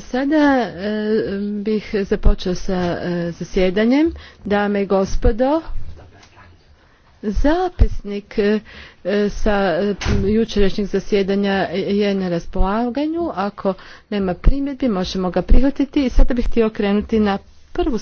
Sada e, bih započeo sa e, zasjedanjem. Dame i gospodo, zapisnik e, sa jučerašnjeg zasjedanja je na raspolaganju. Ako nema primjedbi, možemo ga prihvatiti. I sada bih htio krenuti na prvu